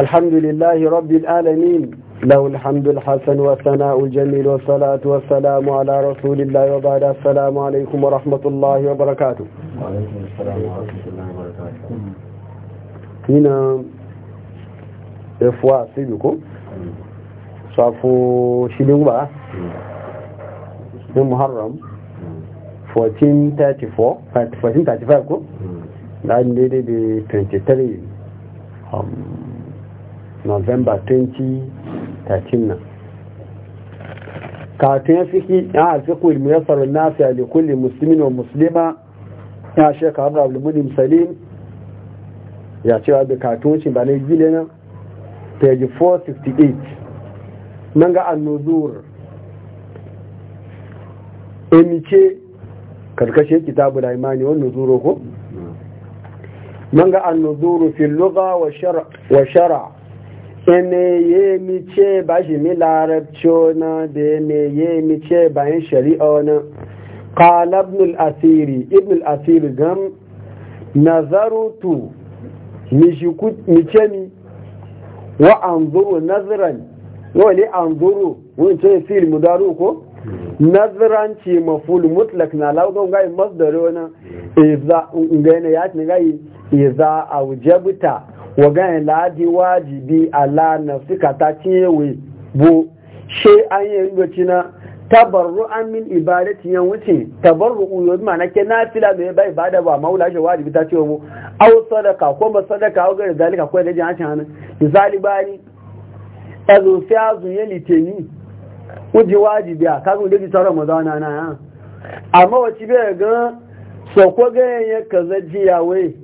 الحمد لله رب العالمين له الحمد الحسن والثناء الجميل والصلاة والسلام على رسول الله وبعد السلام عليكم ورحمة الله وبركاته وعليكم السلام ورحمة الله وبركاته هنا إفواء سيدكم صافو شلين بقى محرم 1434 1435 ko? Na daidai da 23 november 2013 nan katin fiki ya alfiku ilmuyassar nafiya da kulle musulmin wa musulma ya ka abu abulmulim salim ya cewa da katuncin ba na gile nan page 468 nan ga annuzur emice karkashin kitabu da imani wannan zuro ko Manga mm. ga annuzuru fil lugha wa shara ye mi ce ba shi mi larabci na da ye mi ce bayan shari'a na qala ibn al-asiri ibn al-asiri gam nazarutu mi shi mi ce ni wa anzuru nazran wa li anzuru wani ce fil mudaru ko nazran ci maful mutlak na lawgon gai masdaro na iza ngai ya ci gai iza aujabta wọ̀gáyìn láàájí wájì bí aláàna síkàtà tí yẹwè bó ṣe ayé ringoci na tabarru an min ibadati yan wuce tabarru uyo ma na ke na fila mai bai bada ba maula shi wajibi ta ce mu aw sadaka ko ba sadaka aw ga zalika ko da jin hancin hannun misali bani azu fi azu ya liteni uji wajibi a kagun da bitar ramadana na amma wace bai ga sokwa ga yan kaza jiya wai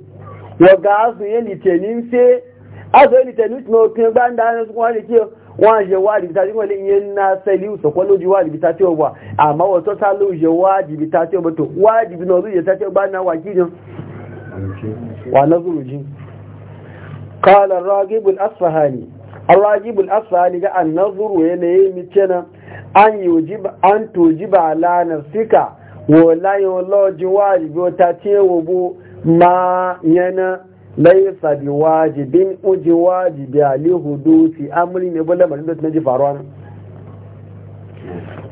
wọ̀gá azùn yẹn lìtẹ̀ ní ń ṣe azùn yẹn lìtẹ̀ ní ìtumọ̀ òpin gbá ń dáná sókún wọ́n lè kí wọ́n àṣẹ wá àdìbìtà tí wọ́n lè yẹn ná sẹ́lì ìsọ̀kọ́ lójú wá àdìbìtà tí ó wà àmọ́ wọ́n tọ́ta ló yẹ wá àdìbìtà tí ó tó wá tí wà lọ́gùrù jí kọ́lá asfahani rọ́gìbùl asfahani ga annazuru yanayi an yi an síkà wọ́n wá tí ma yana laisa bi wajibin uji wajibi ali hudusi amri ne bala marin da tunaji faruwa nan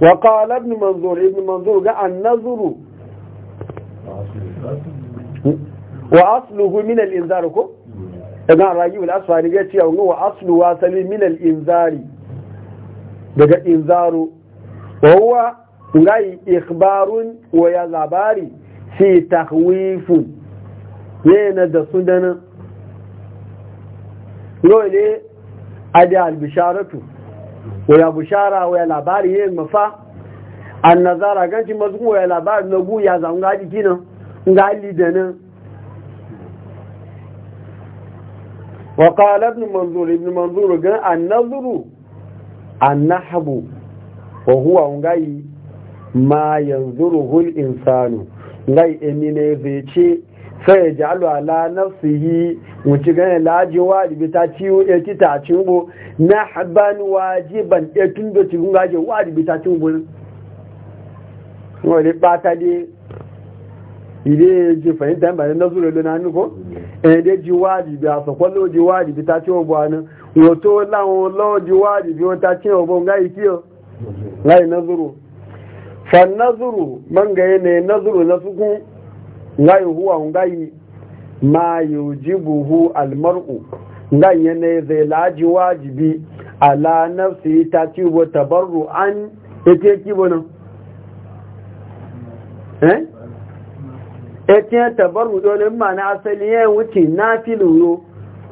wa qala ibn manzur ibn manzur ga an-nazru wa asluhu min al-inzar ko daga raji wal asfari ya ce wa aslu wa sali min al-inzari daga inzaru wa huwa ngai ikhbarun wa ya labari fi tahwifun yana da su dana a da albisharatu waya bishara waya labari yin mafa an nazara ganci mazu waya labari na guya za nga jiki nan nga da nan wa qala ibn manzur ibn manzur gan an nazuru an habu, wa huwa ngai ma yanzuruhu al insanu ngai emine zai ce sai ya na ala nafsihi wuce gane lajin wajibi ta ciwo ya ci ta ciwo na haban wajiban ya tun da cikin gaje wajibi ta ciwo ne wani bata ne ile ji fahimta ba na zuru lona ni ko eh de ji wajibi a so kwallo ji wajibi ta ciwo bo anan wato lawo lawo ji wajibi o ta ciwo bo ngai kiyo ngai nazuru fa nazuru man ga ne nazuru na sukun ngai huwa ngai ma yujibuhu almar'u ngai yana zai laji wajibi ala nafsi ta ci wa tabarru an ete kibo nan eh ete tabarru dole ma na asali ya wuce na filuyo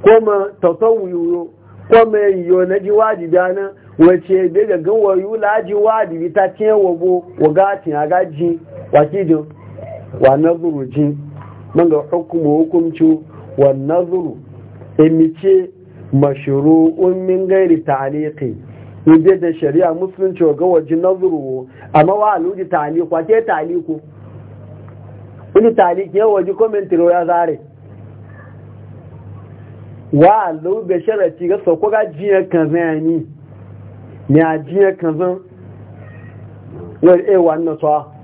kuma ma tasawuyo ko ma yiyo na ji wajibi ana wace daga gan wayu laji wajibi ta ce wabo wa gatin agaji wakijin wa nazuru ji man ga hukumu hukumci wa nazuru emice mashuru min gairi ta'liqi ide da shari'a musulunci ga waje nazuru amma wa aluji ta'liqu wa ke ta'liqu ini ta'liqi ya waje commentary ya zare wa aluji da shari'a ga sako ga jiya kan zani ne a jiya kan zan yau eh wannan tsawa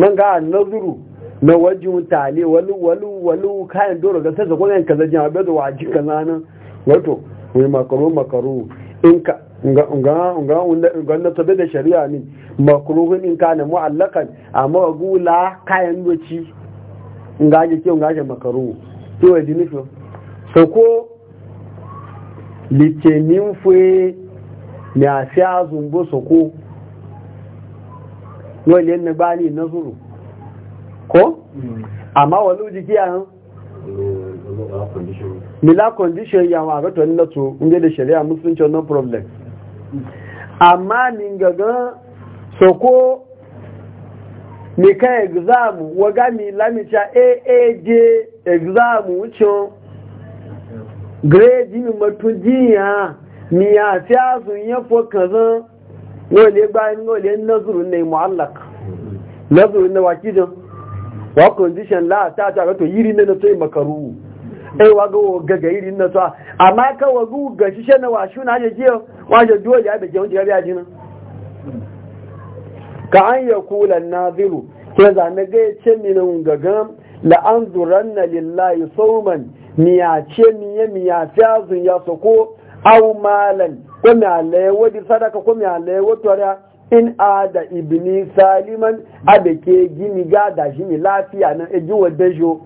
man ga nazuru na wajin tale wani wani wani kayan doro ga sassa kwanan kaza jin abin da waji kaza nan wato mai makaru makaru in ka ga na tabi da shari'a ne makaruhun in ka na mu'allakan a gula kayan doci in ga ake kyau ga ake makaru kyau ya dini fiyo so ko litenin fue ne a siya zumbo so ko wọ́n lè ní gbáàlì iná sùúrù kó àmá wọ́n ló jí kí a hàn mìlá kọndíṣẹ́ yàwọn àrẹ́tọ̀ nílẹ̀ tó ń gẹ́ lè ṣẹ̀rẹ́ àmúsùnjọ no problem àmá ní gangan kó nìkan wọ́n gá mi lámìṣà aad exam wúchan grade mi mọ̀tún jíyàn mi àti àzùn yẹn fọ́ kàn wale bayan wale nazurin ne mu'allak nazurin na wakijin wa condition la ta ta to yiri na to makaru ai e, wa go gaga yiri na to amma ka wa gu ga shi na wa shuna je je wa je dole ya be je wani ya na. ka an ya kula naziru ke za na ga ce min gaga la anzuranna lillahi sawman miya ce miya miya fazun ya soko aw malan ko mi alaye wadi sadaka ko mi alaye wato in ada da ibini saliman a gini ga da shi lafiya na eji wa dajo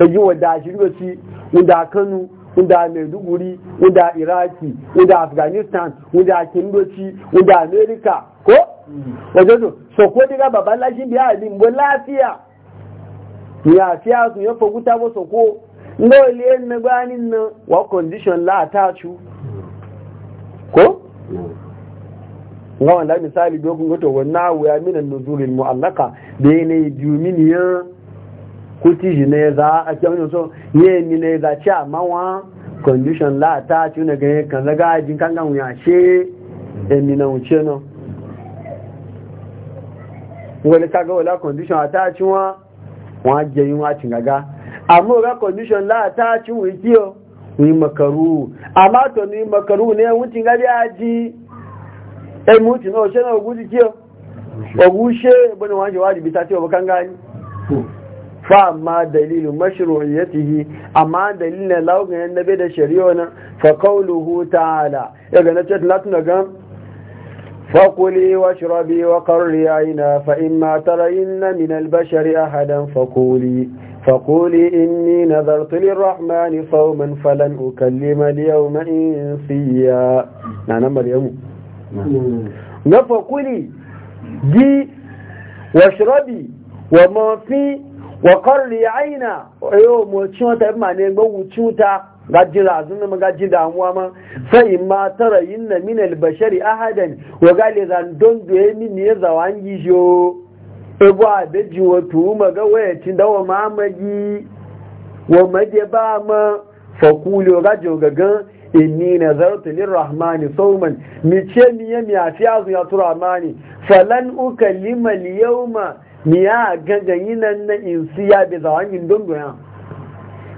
eji wa da shi lokaci da kanu da maiduguri da iraki da afghanistan da kindoci da america ko mm. wajen so so ko diga babban lashin biya a limbo lafiya ya fiya su ya faguta ba so ko ngole na gbanin nan wa condition la ta ko ga wanda misali bai kun goto wannan wuya minan nuzuril mu'allaka da ne jumini ya kuti ji ne za a kyau so ye ni ne za cha mawa condition la ta ci ne ga kan laga jin kan gan wuya she e mi na uche no wani kaga wala condition ta ci wa wa je yin wa tingaga amma ga condition la ta ci wi kiyo ni makaru amma to ni makaru ne wuti bi aji e eh, muti no se na guji kiyo ogushe bane waje wajibi ta ce bakan gani fa amma dalilu mashru'iyatihi amma dalilin lawgan annabi da shari'a na fa qawluhu ta'ala ga na ce latin gan فقلي واشربي وقري عينا فإما ترين من البشر أحدا فقولي فقولي إني نذرت للرحمن صوما فلن أكلم اليوم إنسيا نعم اليوم فقولي جي واشربي وما في وقري عينا أيوم وشوتا إما نيمو وشوتا gaji razun ma gaji damuwa ma sai ma tara yinna min albashari ahadan wa gale zan don doye min ne zawangi jo ebo abeji wa tuma ga waya tin dawa mamagi wa maje ba ma fakuli wa gaji gagan inni nazartu lirrahmani sawman mi ce mi ya mi afi azu ya turamani falan ukallima al-yawma mi ya gaga yinan na insiya bi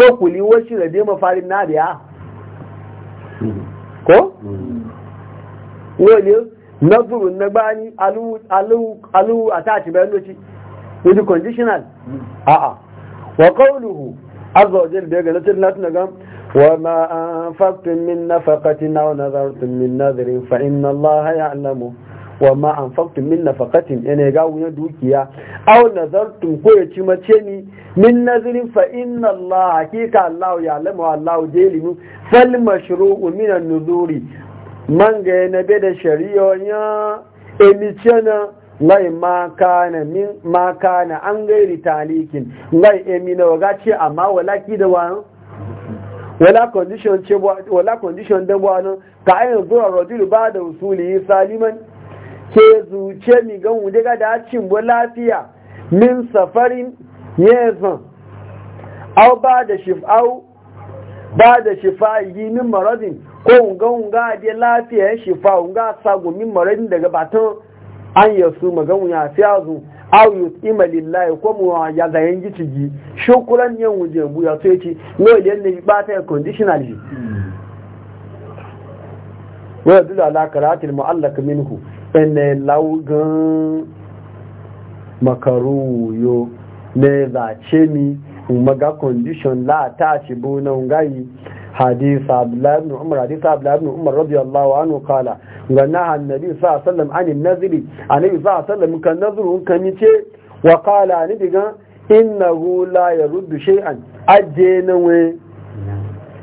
to kuli wasu da ma farin na biya ko? wani nazuru na gbani alu a ci bayan loci with conditional a'a wa qawluhu azza da ya daga latin latin ga wa ma anfaqtum min na aw nazartum min zirin fa Allah allaha alamu wa ma anfaqtum min nafaqatin ina ga wuya dukiya aw nazartum ko ya ci mace ni min nazrin fa inna Allah hakika Allah ya lamu Allah jelimu fal mashru'u min an-nuzuri man ga na be da shari'onya emicena ngai ma kana min ma kana an gairi talikin ngai emina waga ce amma walaki da wa wala condition ce wala condition da wani ka ayin zuwa rajulu ba da usuli saliman ke zuce mi gan wuje ga dacin bo lafiya min safarin yezan au ba da shif'au ba da shifa yi min maradin ko unga unga da lafiya shifa unga sago min maradin daga batun an yasu magan ya fiyazu aw yutima lillahi ko mu ya ga yangi cigi shukuran yan wuje ya ce yace no idan ne ba ta conditional hmm. wọ́n dúró alákàrà àti mọ́álàkà mínú ẹnẹ láwùgán makaru yo na zace mi umaga condition la ta ci bu na ngayi hadith abdullahi umar hadith abdullahi umar radiyallahu anhu qala ganna annabi sallallahu sallam. wasallam an nazri annabi sallallahu alaihi wasallam kan nazru kan ce wa qala ni diga innahu la yaruddu shay'an ajena we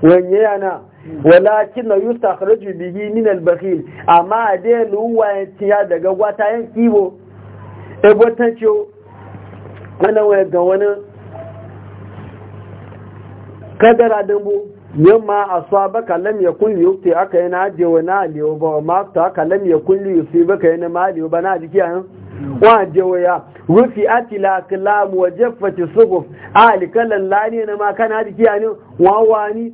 wanye yana walakin na yustakhraju bihi min al-bakhil amma dai luwa ya daga wata yan kibo e botancho wannan waya ga wani kadara dambu yamma asabaka lam yakun yuti aka yana je wani aliyo ba ma ta aka lam yakun yusibaka yana mali ba na jiki an je waya rufi atila kalam wa jaffati suhuf ali kallan lani na ma kana jiki an wani.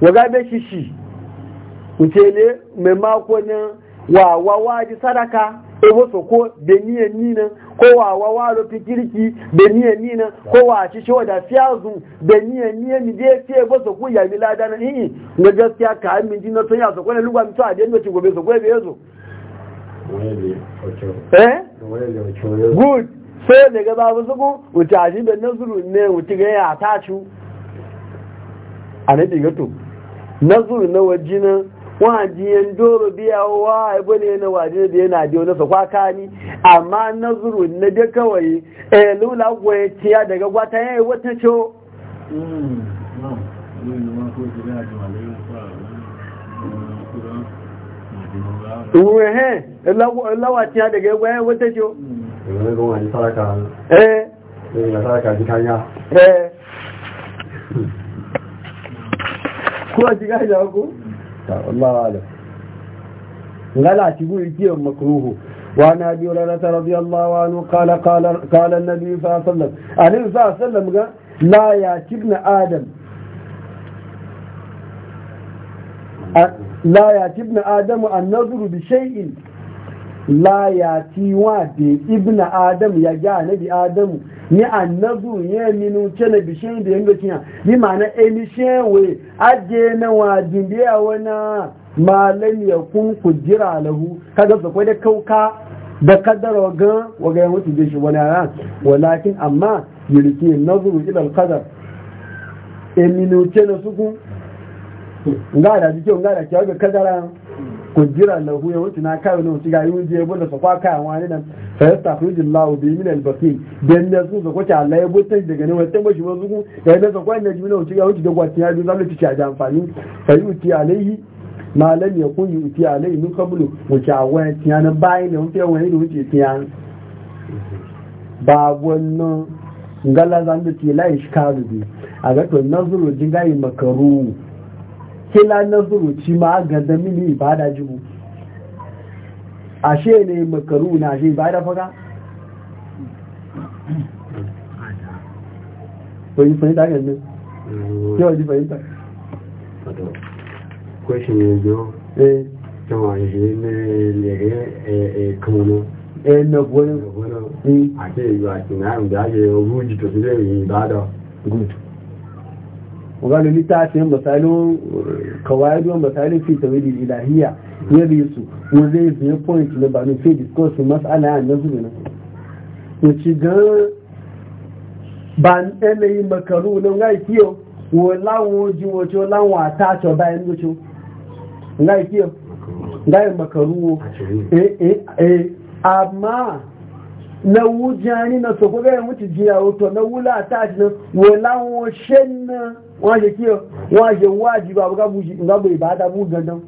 waga be shishi utele me mako na wa wa waji sadaka ebo soko be niye nina ko wa wa wa lo pikiriki be niye nina ko wa shishi wada fiazu be niye niye mi je fi ebo soko ya mi lada na yi na gaskiya ka mi din na to ya soko ne lugwa mi to ade ni ti gobe soko ebe yezo eh good sai daga babu zuku wuta shi da nazuru ne wuta ga ya tachu a nabi gato nazuru na wajinan wajiyan doro biya wa ibo ne na wajinan da yana biyo na sakwa kani amma nazuru na da kawai eh lula gwaye tiya daga gwata yayi wata ce Uwehe, lawa tiya daga gwaye wata ce Eh, eh, kuwa shiga shi haku? Allah wa'ala. Ngala ci bu iki yin makruhu. Wa na bi rarata rabi wa nu kala kala na biyu sa sallam. A nan sa sallam ga na Adam. La ya ci na Adam an nazuru bi shay'in. La ya ci wa bi Adam ya ga na bi ni annabu ya minu cele bishin da yanga kinya ni mana emishe we aje na wa dimbiya wana malam ya kun kujira lahu kaga su kwai da kauka da kaddara ga waga yan wuce shi wani ran walakin amma yurki nazuru ila kadar eminu cele suku ngara dike ngara kiyaga kadara kujira na huya wuce na kawo na wuce ga yi wuje da su kwa kayan wani nan sai ta fi jin lawo bi min albaki dan ne su su kwace Allah ya bude daga ne wata bashi wasu ku ga ne su kwan ne jimina wuce ga wuce da gwatin ya bi zamu ci a amfani yi wuce alaihi lam ya kun uti alaihi min qablu wuce a wani tiyanan bayan da wuce wani da wuce tiyan ba wannan ngala zan da tilai shikaru bi a ga to nazuru jingayi makaru kila na zuruci ma ga zamini ba da jibu ashe ne makaru na ashe ba da faga fahimta yau ji fahimta eh yawa ne lere e, e, eh, na gwanin eh. a yi ba da ake su zai yi ba da gudu wani littafin misalin kawaidon misalin fi tawilin ilahiyya ya bi su wani zai zai point na ba nufi discourse matsala ya nan zuwa nan ya ci gan ba yanayin makaru nan ga kiyo wo lawon ji wato lawon atacho bayan wato ga kiyo yi makaru eh eh eh amma na wujani na so ko mutu jiya wato na wula a nan wo lawon shen na. wọ́n ṣe kí wọ́n ṣe wáàjí bá ṣe gbogbo ìbáta mú gandan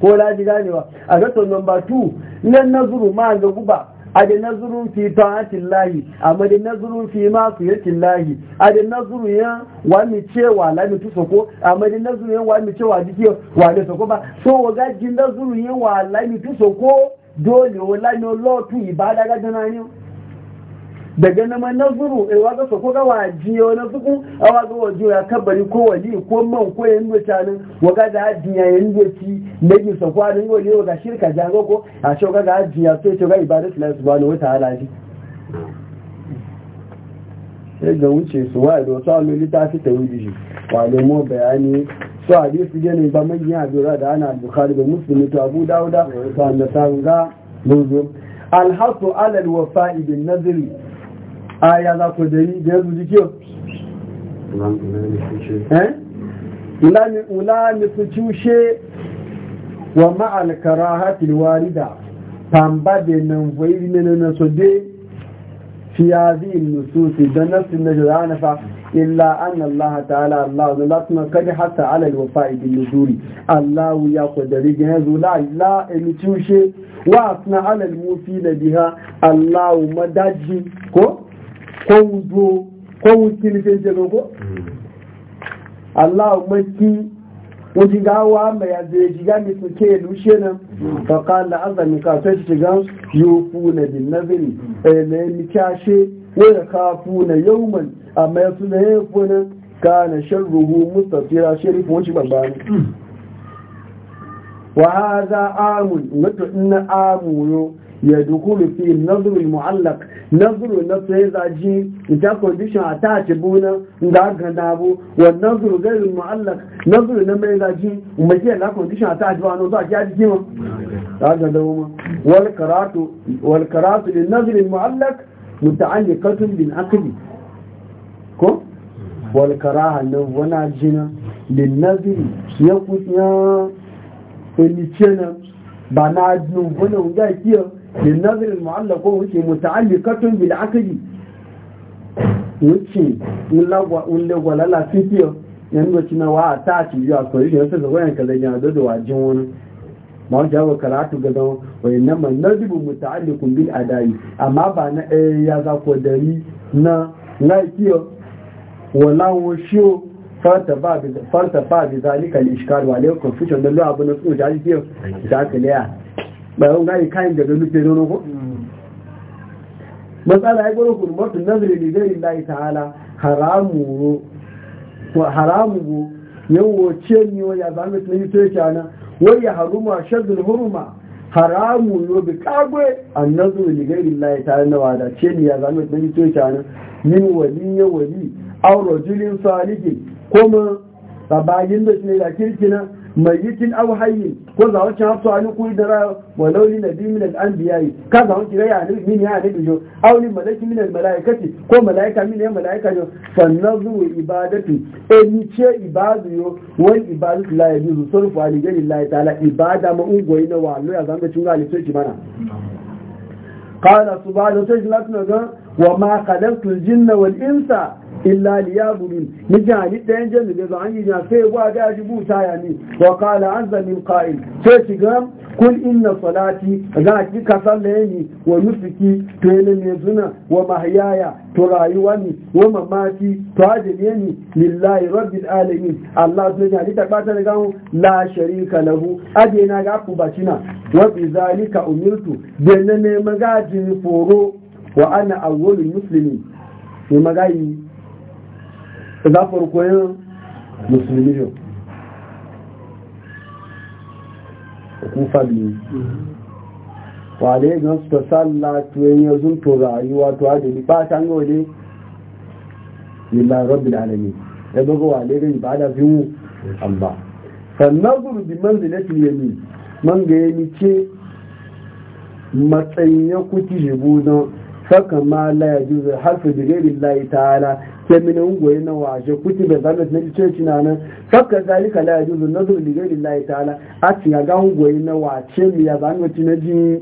kó láti ganewa a gato nomba 2 nan nazuru ma ga guba a da nazurun fi ta'atin lahi a da nazuru fi ma su yakin lahi a da nazuru ya wami cewa lami tu soko a da nazuru wà ní cewa jike wà ní soko bá so wa gaji nazuru ya wà lami tó soko dole wa lami ọlọ́ọ̀tún ìbádágájọ́ náà daga na manazuru e eh, waga so ko ga wajiyo na suku a waga wajiyo ya kabari ko wali ko man ko yan mutane, tanin waga da hadiya yan do ci ne gi so kwa dingo ne waga shirka jango ko a ce ga da hadiya sai ce ga ibadatu lillahi subhanahu wa ta'ala shi sai ga wuce su wa da sa mai litafi ta wuri shi wa lemo bayani su so hadisi gane ba manyan abura da ana bukhari da muslim to abu dauda to an da sa ga Alhasu alal wafa'i bin nazari aya za ku da yi da yanzu jikiyo eh? ulami su cushe wa ma'al karahatil walida tamba da nan wai ne na so de fi hadhihi nusus da nasu na jana fa illa anna Allah ta'ala Allah la tuna kadi hatta ala al-wafa'i bil nuzuri Allah ya qadari gazu la la mi cushe wa asna ala al-mufila biha Allah madaji ko ko wudo ko wukili sai je ko Allah maki wani gawa mai yanzu ya shiga mai suke hmm. eh, ya lushe nan ta kala azami ka sai shiga yofu na bin nazari na yi mikashe wadda kafu na yauman amma ya suna ya yi funan ka na shan sharruhu mustafira sharifu shi babba ne hmm. wa haza amun wato ina amuro ya dukulu fi nazuru mu'allaq nazuru na sai za ji ita condition ata ce buna da ga da bu wa nazuru ga mu'allaq nazuru na mai za ji mai ke na condition ata ji wannan za ki ji ki mu da ga da mu wal karatu wal karatu lin nazuru mu'allaq muta'alliqatun bil aqli ko wal karaha na wana jina lin nazuru ya kutiya ba na jinu wannan ga kiyar bin nazarin mu'allakon wuce muta'allikatun bil akadi wuce ulagwala lafifiyar yan wuce na wa ta ci biyu a kwayo da wasu zagoyan ka zai yana dodo wajin wani ma wajen yawon karatu ga zama wani na mai nazibin muta'allikun bil adayi amma ba na ya za ko dari na laifiyar walawon shiyo farta fa bi zalika al-ishkal wa alaykum fi shadallu abun nasu da ajiyar da aka laya bayan gari kayan da daga nufe nono ko matsala ya gwada kurmatu nazari ne gari lai ta'ala haramu go yawo ce ni wa ya zama na yi sai shana, wai ya haruma shaddul huruma haramu yo bi kagwe an nazari ne gari lai ta'ala na wada ce ni ya zama na yi sai shana min wali ya wali aw rajulin salihin kuma babayin da shi ne da kirkina mai yikin auhayi ko za wacce hafsu a ku da ra na biyu minal min biya yi ka za wacce ya a min ya nabi jo aw malaki minal mala'ikaci malaikati ko malaika min ya malaika jo zuwa ibadatu e ce ibadu yo wal ibadatu la yajuzu sarfu ali laye ta ta'ala ibada ma ungoyi na wallo ya zama cin gali sai mana qala subhanahu wa ta'ala wa ma khalaqtu al jinna wal insa illa liyabudun mijin halitta yan jannu da zan yi na sai gwa da shi buta ya ni wa qala azza min qa'il sai shiga kul inna salati za ki ka sallaye wa nusuki to yana ne wa mahyaya to rayuwa ni wa mamati to ajaliye ni lillahi rabbil alamin allah sun ji halitta ba ta daga la sharika lahu aje na ga ku bacina wa bi zalika umirtu dan ne magajin foro wa ana awwalul muslimin ne magayi za farko yin musulmi yau kufa biyu wale gan su ta tsalla tuyen yanzu to rayuwa to adini ba ta ngole lillahi da alami ya bago wale gan da fi mu ba sannan guru bi manzilatul yamin man ga yami ce matsayin ya kuki jibu don saka ma la yajuzu harfi bi layi ta ta'ala kemina goyi na waje kuti bai zanen na lice na nan fakka zalika la yajuzu nazru li ghayri llahi ta'ala a tinga ga goyi na wace mu ya zan mutu na ji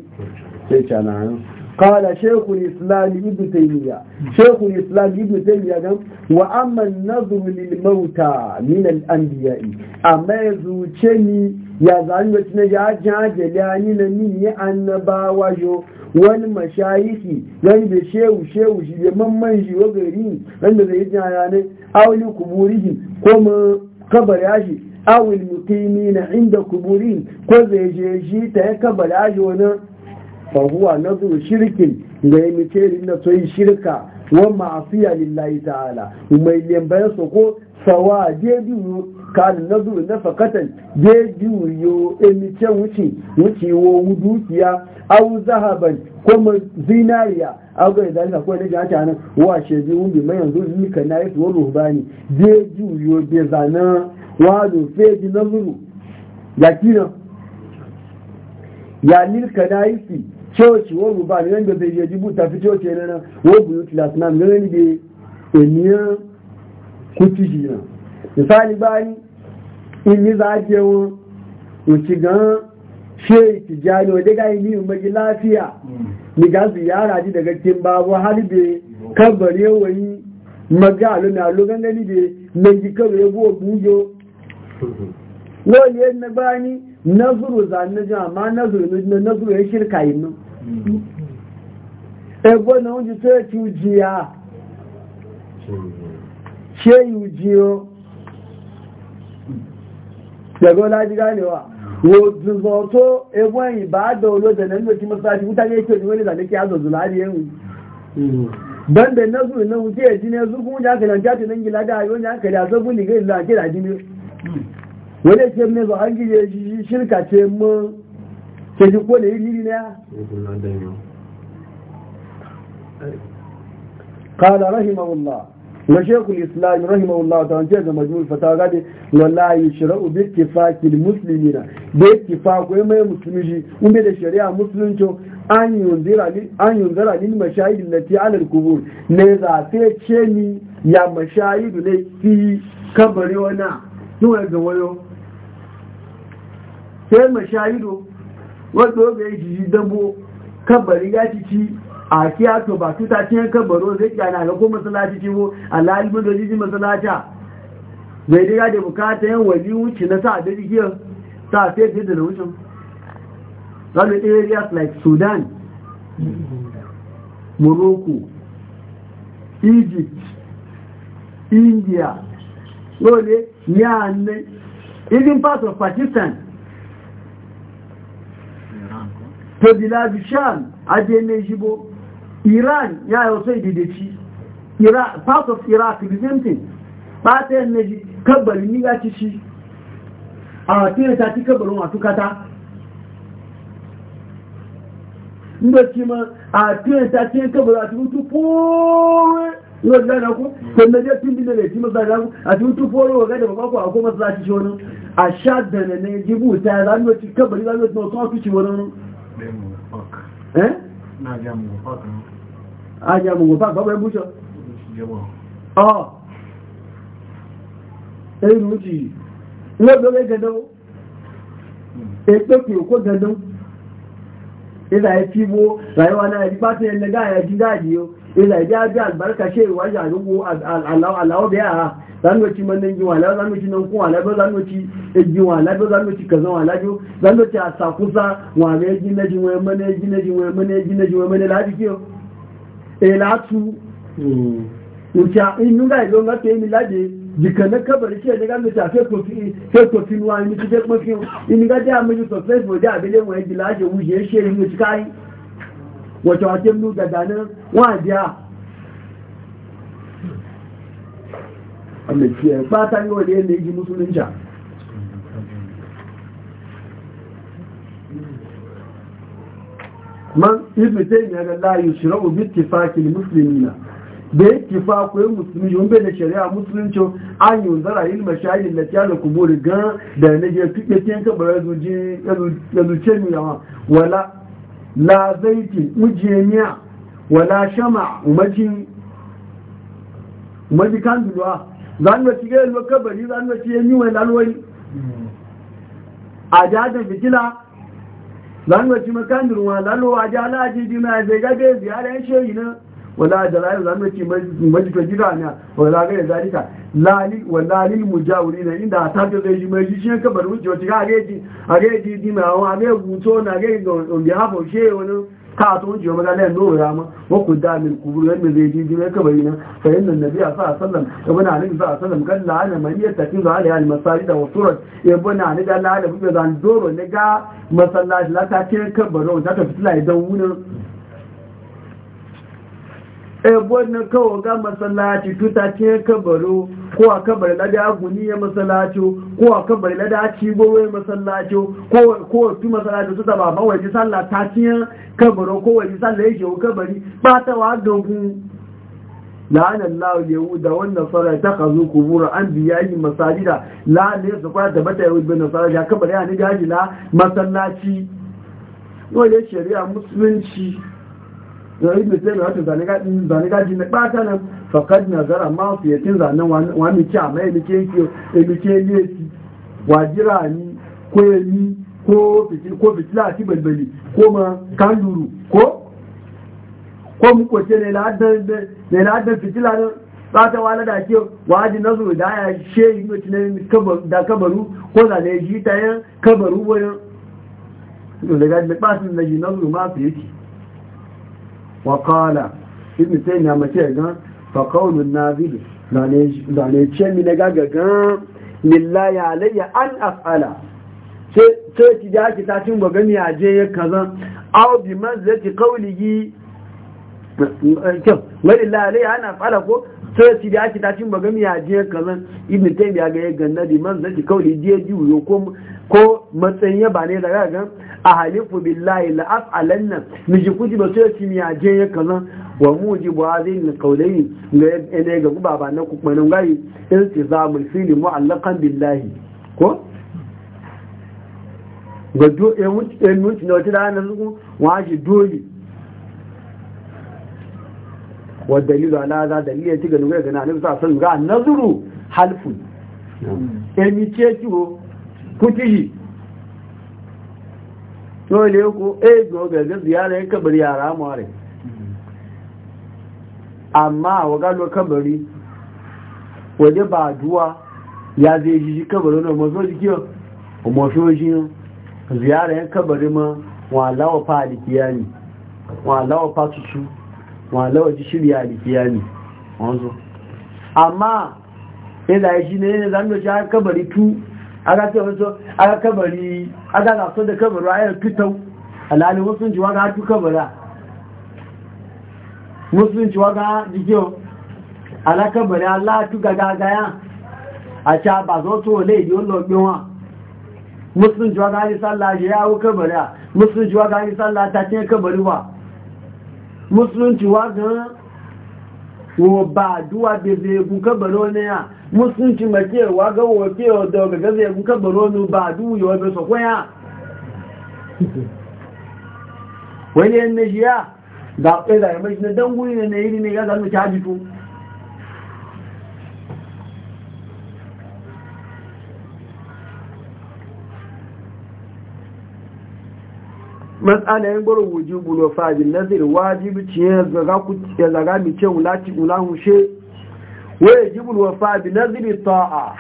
sai cana nan qala shaykhul islam ibn taymiya shaykhul islam ibn taymiya dan wa amma an-nazru lil mauta min al-anbiya'i amma zuce ni ya zan da tuna ya jaje lani na min ya annabawa yo wani mashayiki yan da shehu shehu shi da mamman shi wa gari yan da zai jaya ne auli kuburihi ko ma kabar yashi awil na inda kuburi ko zai je shi ta ya kabar yashi wani fa huwa zuwa shirkin ga yamice da soyi shirka wa ma'asiya lillahi ta'ala mai lembayan su ko sawa je biyu ka na zuru na fakatan je biyu yo emice wuce wuce wo dukiya aw zahaban kuma zinariya aw ga zalika ko da jata nan wa shebi mun bi mai yanzu ni kan nayi su ruhbani je biyu yo be zana wa do feji na zuru ya kina ya lil kadaisi chọ́ọ̀chì wọ́n gbogbo àríwẹ́ ń gbẹ̀bẹ̀ ìyẹjú búta fi chọ́ọ̀chì ẹ̀rẹ́rẹ́ wọ́n bùrú ti láti náà gẹ́rẹ́ níbi ènìyàn kú ti jìnà ìsáàlì báyìí ìníza jẹ wọn òtì gan ṣe ìtìjà ní ọdẹ́gá ilé ìmọ̀jì láàfíà daga kí n bá wọ́n hálìbè kábàrí ẹwọ̀n yìí mọ́gá àlómi àlógangẹ́ níbi lẹ́yìn kọ́rọ̀ ẹgbẹ́ ògùn yóò lóòlì nazuru za na jin amma nazuru na nazuru ya shirka yi nan hmm. ebo na oúnjẹ tó yẹ ti ujiya ṣe ujiyo gbẹ̀gbẹ́ láti gáàlẹ̀wà wo zùzọ̀ tó ebo ẹ̀yìn bá dọ̀ olóòjẹ̀ na nílò tí mọ́ sáájú kúta ní ètò ìwé nígbà ní kí á láti ẹ̀hùn bẹ́ndẹ̀ nazuru náà wùdí ẹ̀jí ní ẹzùkú oúnjẹ akẹ̀lẹ̀ àti ní ìgbìlá dáa akẹ̀lẹ̀ àzọ́gbùn nìgbè ìlú àjẹ́ ìlàjí ni wani ke mai zuwa an gije shi shirka ce mun ke ji kone yi lili na قال رحمه الله وشيخ الإسلام رحمه الله تنجز مجموع الفتاة قال ولا يشرع باتفاق المسلمين باتفاق وما المسلمين ومن الشريعة مسلمين أن ينذر أن ينذر للمشاهد التي على القبور نذا تشني يا مشاهد لي في كبر ونا نوع جويو sai sha ido, wanda oge yi jiji dabo kabari ya cici a kiya to ba tuta cikin kabaro zai kyana ga ko masalaci ci ko alalimin da jiji masalaca zai diga da bukata yan wali wuce na sa da jikiyar ta sai fi da wucin zalu areas like sudan morocco egypt india lole ya ne even part of pakistan ta biladu sham aje jibo iran ya yi wasu idideci part of iraq the same thing ba yin neji kabbalin ni ya ci shi a tina ta ci kabbalin wasu kata inda ci ma a tina ta ci kabbalin wasu mutu kowai yau da na ku sannan ya tun da ci masu da ku a ci mutu wa gada a kuma su za ci shi wani a sha da ne jibu ta zanuwa ci kabbalin ci wasu ci wani ajá mọ̀gbọ̀fà bọ́bẹ̀ búṣọ́ ọ̀họ̀ ẹ̀rù jì lọ́gbẹ̀rẹ̀ gẹ̀dọ́ ẹ̀pẹ́kì òkó gẹ̀dọ́ ìlà ẹ̀fíwó ràíwá náà ẹ̀dí pàtí ẹ̀lẹ́gá ẹ̀dí dáàdì ó ìlà ẹ̀dí àgbà àgbàríkà ṣe ìwájà zanwaci mannan yi wala zanwaci nan kun wala ba zanwaci yi wala ba zanwaci kaza wala biyu zanwaci a sakusa gina wani mana ya gina jin wani mana ya gina jin wani mana lafi kiyo e latu hmm. nka inu ga ilo jika na kabari ke ne ga ta fe ko fi fe nuwa mi ti je ko fi ini ga ja mi to fe bo ja bele wuje ni ti kai wato wa ja Allah kiyaye fatan yau da yadda yake musulunci man ibn taymiya ga la yushra'u bi ittifaqi muslimina da ittifaqu ya musulmi yun bai da shari'a musulunci an yun zara il mashayil lati ala kuburi ga da ne je tike tin ka bara zuji ya zuce mi yawa wala la zaiti mujemiya wala shama umajin umaji kan duwa zanuwa ci gai lokar bari zanuwa ci yanyi wani lalwani a jada fitila zanuwa ci makandun wa lalwa a jala a jiji na zai gabe ziyara ya shi yi na wala da rayu zanuwa ci majikon gida na wala ga ya zalika walalil mujawuri na inda a tafi zai yi mai jishin kabar wuce wata ga a reji a reji dima a reji guto na reji don behalf hafa shi wani ka to ji wa magana no ya wa ku da min kubur yadda zai ji ji mai kabari nan fa inna nabi a alaihi wasallam ibn ali sallallahu alaihi wasallam kan la'ana man yattakizu alaiha al-masajid wa surat ibn ali da la'ana bu zan doro ne ga masallaci la ta ce kabaro ta ta fitila idan wunin ebo eh, na kawo ga masallaci tuta ke kabaro ko a kabar lada aguni ya masallaci ko a kabar lada cigowo ya masallaci ko tu masallaci tuta ba ba waje salla ta ciyan kabaro ko waje salla ya shehu kabari ba ta wa dogu la'ana Allah da wannan nasara ta kazu kubura an biyayi la la'ana ya sufa da bata yau bin nasara ya kabar ya ni gaji la masallaci wani shari'a musulunci zari da sai wato zane gaji na ɓata nan fakad na zara ma su yakin zanen wani a mai emike yake emike lesi wajira ni ko yami ko fitila ti balbali ko ma kanduru ko ko mu ne ladan fitila nan ɓata wala da ke waji na zuru da ya she yi na da kabaru ko zane shi ta yan kabaru wani da gaji na ɓata na ji na ma su yake وقال ابن تيمية متى فقول الناظر zane ce mi na gagagan lillahi alayya an af'ala ce ki da ki ta cin gogami a je ya kaza aw bi manzilati qawlihi wa lillahi alayya an af'ala ko so ya ci da ake tashin ba gami ya je kazan ibn tayyib ya ga ya ganna bi man zaki kauli je ji wuyo ko ko matsayin ya ba ne daga ga ahalifu billahi la af'alanna miji kuji ba so ya ci ya je ya kazan wa mujibu hadhihi alqawlayn ga ne ga guba ba na kuma nan gai iltizamul fili mu'allaqan billahi ko ga do e wuce na wata da na su waje dole والدليل على هذا دليل يتيجا نقول لك أنا a أصلا قال نظر حلف الميتيتو كتجي Dole ku ego eh, gaga ziyara ya kabari yara maware. Amma wa galo kabari, waje ba ya zai jiji kabari na mazo jikiyo, umarshojin ziyara ya kabari ma wa fa alikiya ne, wa fa tutu. wọn lọ́wọ́ ti ṣírí àdìkíyà ní wọ́n amma ila shi ne ne zanen shi aka kabari tu aka ce wasu aka kabari aka so da kabaru a yau fitau alalin wasu jiwa ga tu kabara wasu jiwa ga jikiyo ala kabari ala tu gagagaya a ci a ba zo to le yi wani lobe wa musulun jiwa ga ni sallah ya yawo kabari musulun jiwa ga ni sallah ta ce kabari ba musulunci wa gan wo ba duwa da zai kun kabaro ne ya musulunci mace wa ga wo ke o da ga zai kun kabaro ne ba du yo be so ko ya wani ne ya da ɗaya da ya mashi na dangu ne na iri ne ya zama caji tun matsala yin gwaro wujubu na fajin nazir wajibi ci ya zaga mi ce wulaci wulahushe waya ji na fabi naziri ta'a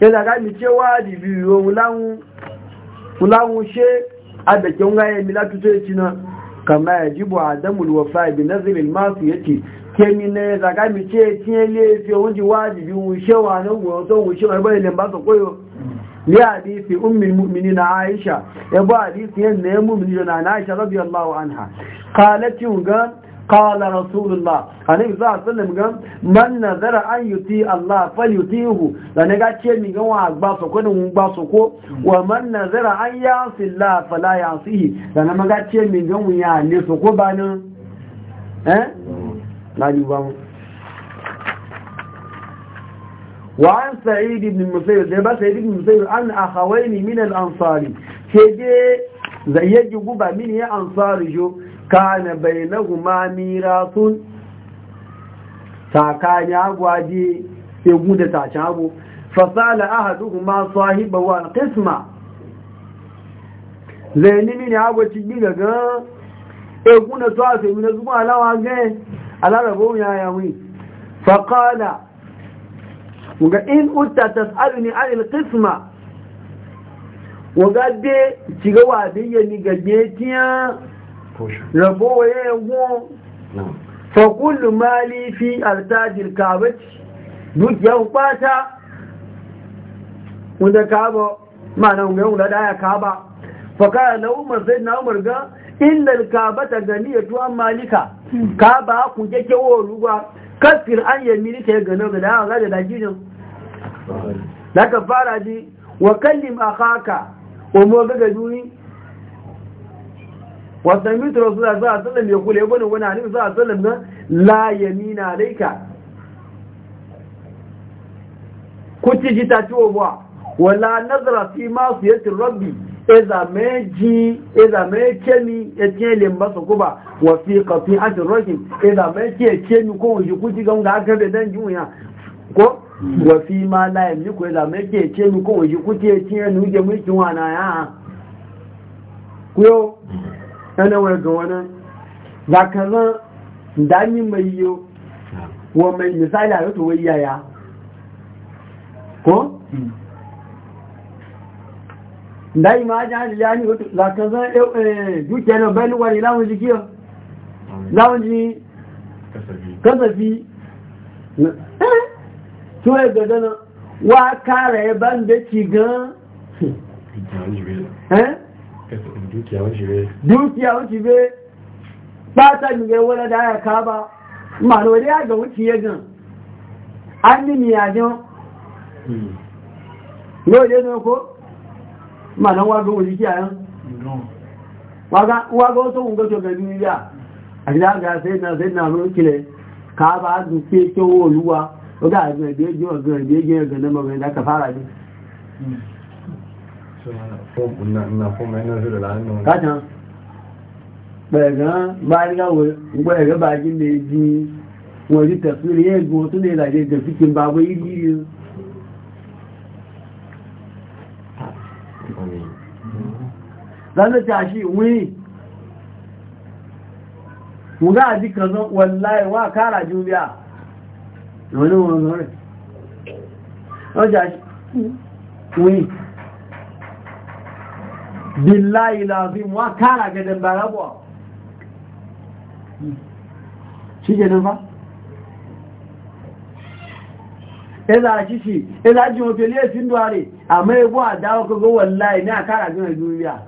ya zaga mi ce wajibi yiwu wulahushe a da kyan gaya mila tuto ya ci na kama ya jibu a damul wa fabi nazirin masu ya ce kemi na ya zaga mi ce tiye lefi wunji wajibi wushewa na gwamnatin wushewa ya bayan lamba su koyo لحديث أم المؤمنين عائشة يبو حديث ينهي المؤمنين عن عائشة رضي الله عنها قالت يوغان قال رسول الله النبي صلى الله عليه وسلم قال من نذر أن يطيع الله فليطيعه لأن قال شيء من قوة أكباسه كونه مباسه ومن نذر أن يعصي الله فلا يعصيه لأن ما قال شيء من قوة يعني سقوبانه ها لا يبامه وعن سعيد بن المسيب ده بس سعيد بن المسيب أن أخوين من الأنصار كده زي يجب من هي أنصار جو كان بينهما ميراث ساكان يعواجي يقود تعشابه فسال أحدهما صاحبه القسمة zai nimi ne agwa cikin gaga eguna tuwa fi mina zuwa alawa gai alarabo ya yawi faƙala ga in utta tas'aluni anil qisma waga de ciga wa de ni ga tiya rabo waye wo fa kullu mali fi artajil kabati duk ya kwata wanda kaba ma'ana wanda wanda da ya kaba fa kana na umar zai na umar ga innal kabata ganiyatu an malika hmm. kaba ku jake wo ruwa kafir an yamini ta gano ga da ga da dajin da ka fara ji wa kallim akhaka wa mu ga duni wa sami rasulullah sallallahu alaihi wasallam ya kula ne wani alaihi sallallahu alaihi wasallam la yamina alayka kuti ta tuwa wala nazara fi ma siyati rabbi iza mai kemi ya ce limba kuma kuba wafi kafin ajin rokin iza mai ce mi ko wuji kuci gan ga aka da dan wuya ko fi ma layin liku iza mai ce mi ko wuji kuci ya ce yana wuge mulkin wana ya kuyo yana wani, ga wani zakaran dami mai yi wa mai misali a yato wai yaya ko hmm. dai ma jani jani wato za ka zan e, e, dukiya na bayan wani lamun jiki lamun ji kasafi to eh, e ya gada na wa kare ya ban da ci gan dukiya wuce be bata ni gai wani da ya kaba ma'ana ya ga wuce ya gan an ni miyajen yau ne ko ma na waga wuri ki ayan waga waga wato mun gojo ga duniya a gida ga sai na sai na mun kile ka ba du ke ke woluwa waga ga be je waga be je ga nan ma da ka fara ni kacan bẹ̀ẹ̀gán bá rí gáwọ̀ gbẹ̀ẹ̀gán bá jí lè jí wọ̀n rí tẹ̀sí rí ẹgbùn tó lè làjẹ́ ìjẹ̀ fíkí bá wé ìlú zanda ta shi wuni mu ga ji kazan wallahi wa kara jubiya wani wani wani ọjà wuni billahi lafi wa kara gadan barabuwa shi ke nan fa ila e kishi ila e ji mafi liya sin duware amma ya buwa dawo kaga wallahi ne a kara gina duniya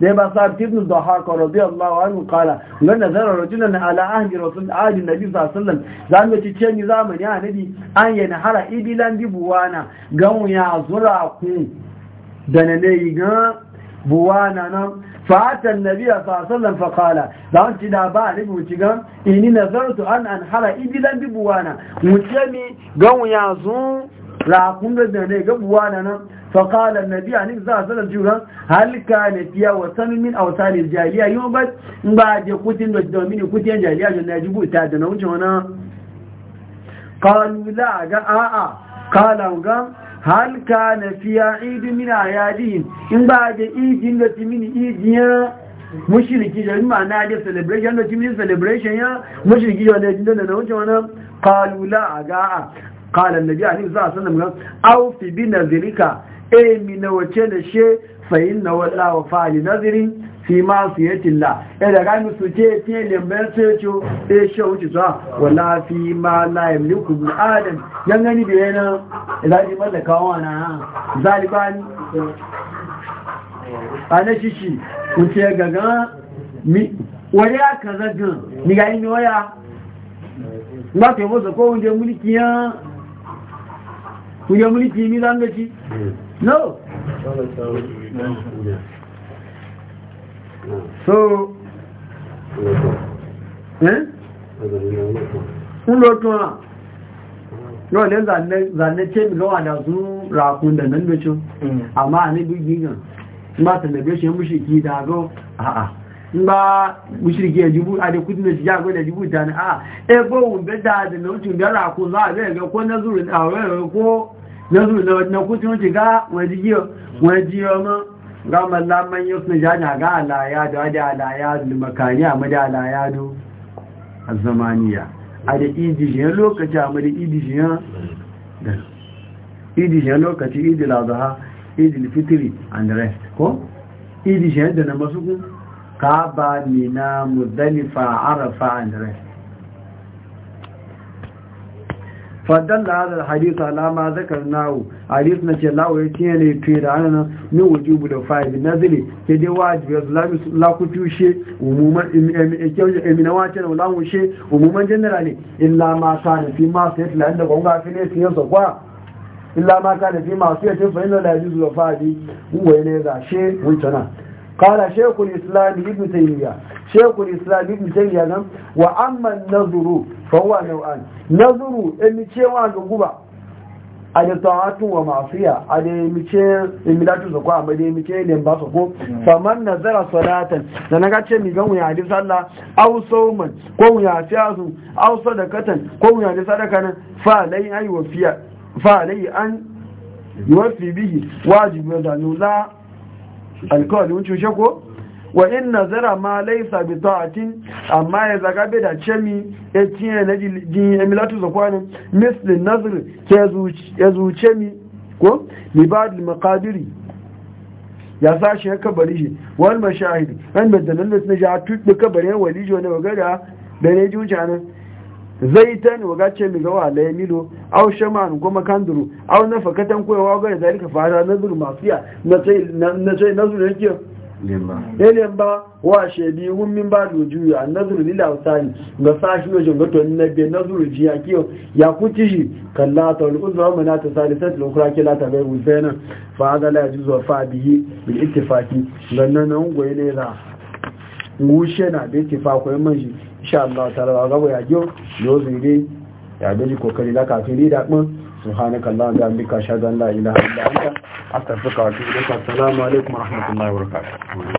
da ya ba sa tibnu da haka rabi Allah wa hannun kala na nazarar rajunan na ala'ahdi rasul ahdi na biyu sasallan za mu ci ce ni zamani a nadi an yi na hara ibilan bi buwana mu ya zura ku da na ne yi gan buwana nan fatan na biyu sasallan fa kala za mu ci da ba a nabi wuci ga. ini nazarutu an an hara ibilan bi buwana mu ce mi ga mu ya zura ku da na ne ga buwana nan فقال النبي عليه الصلاه والسلام جورا هل كانت يا وطن من اوطان الجاهليه يوم بعد بعد كوتين دومين كوتين جاهليه جنا جبو تادنا وجونا قالوا لا جاء قال قام هل كان في عيد من اعيادهم ان بعد عيد التي من عيد مشركي جاي ma'ana da celebration da cimin celebration يا مشركي جاي wanda jinda na wuce wani kalula a ga'a kalan nabi a nisa a sanar emi na wace da she fahim na wala wa fa'ali nazirin eh, eh, fi ma su yi tilla ya da gani su ce fiye lembar sojo ya shi wuce zuwa wala fi ma layan liku bin adam yan gani da yana zaɗi mallaka wana zalibani a na shishi wuce gaga wani ya ka zagin ni ga ni waya ba ta yi masa kowun mulki ya? kuyo mulki ni zan da shi no so eh un lotu na no ne zanne zanne ce mi lo ana su rakun da nan da shi mm. amma ne bi gigan ma ta da shi mushi ki da go a a ba mushirki ya jibu a da kudi na shiga ko da jibu ta ne a ebo wunbe da da na wucin gara ko za a zai ga ko na zuru a wani ko na zuru na wani kucin wuce ga wani jiyo wani jiyo ma ga mallaman ja na jana ga alaya da wada alaya da makani a da ala ya do a zamaniya a da idishiyar lokaci a da idishiyar da idishiyar lokaci idil azaha idil fitri and rest ko idishiyar da na masu kuma kaba mina muzdalifa arafa an rai fadalla hadal hadith ala ma zakarnahu hadith na ce lawo ya ne tuye da hannun ni wujubu da fa'il nazili ke dai wajibi ya zulami la kutushe umuman emina wace na lawo she umuman generally illa ma kana fi ma sai la inda gonga fi ne sai so kwa illa ma kana fi ma sai fa'ili ne she wuntana قال شيخ الإسلام ابن تيمية شيخ الإسلام ابن تيمية وأما النظر فهو نوعان نظر اللي تشيوان لقبع على طاعات ومعصية على ميشين الميلات زكوا على ميشين ينبا سكو فمن نظر صلاة لأن قد شمي قوم يعدي صلى أو صوما قوم يعطي عزم أو صدقة قوم يعدي صدقة فعلي أن وفيا فعلي أن يوفي به واجب يدعو لا alkawali wuce wuce ko wa in nazara ma laisa bi ta'atin amma ya zaga bai da cemi ya tiye na jin emilatu ne. misli nazr ke ya zuce mi ko libadul maqadiri ya sashi ya kabari shi wal mashahidi an badalan da na ja tuddu kabari wali jo ne bagara da ne wuce nan Zai zaitan waga ce mi gawa la yamilo aw shaman goma kanduru aw nafakatan koyawa ga zalika fara nazur mafiya na sai na sai nazur yake ne ba eh, wa shebi hun min ba do juyu an nazur lillah wasani ga sashi lo jinga to na be nazur ji yake ya kuci shi kalla ta wal uzwa mana ta salisat lo kura kila ta bai wuzena fa hada la yajuzu fa bihi bil ittifaqi gannan nan goye ne za ngushe na da yake fa yi manji shi Allah ta rawa gaba ya gyo yo zire ya gaji kokari da kafin ni da kuma subhanaka Allah da ambika shadan la ilaha illa anta astaghfiruka wa atubu ilaik assalamu alaikum wa rahmatullahi wa barakatuh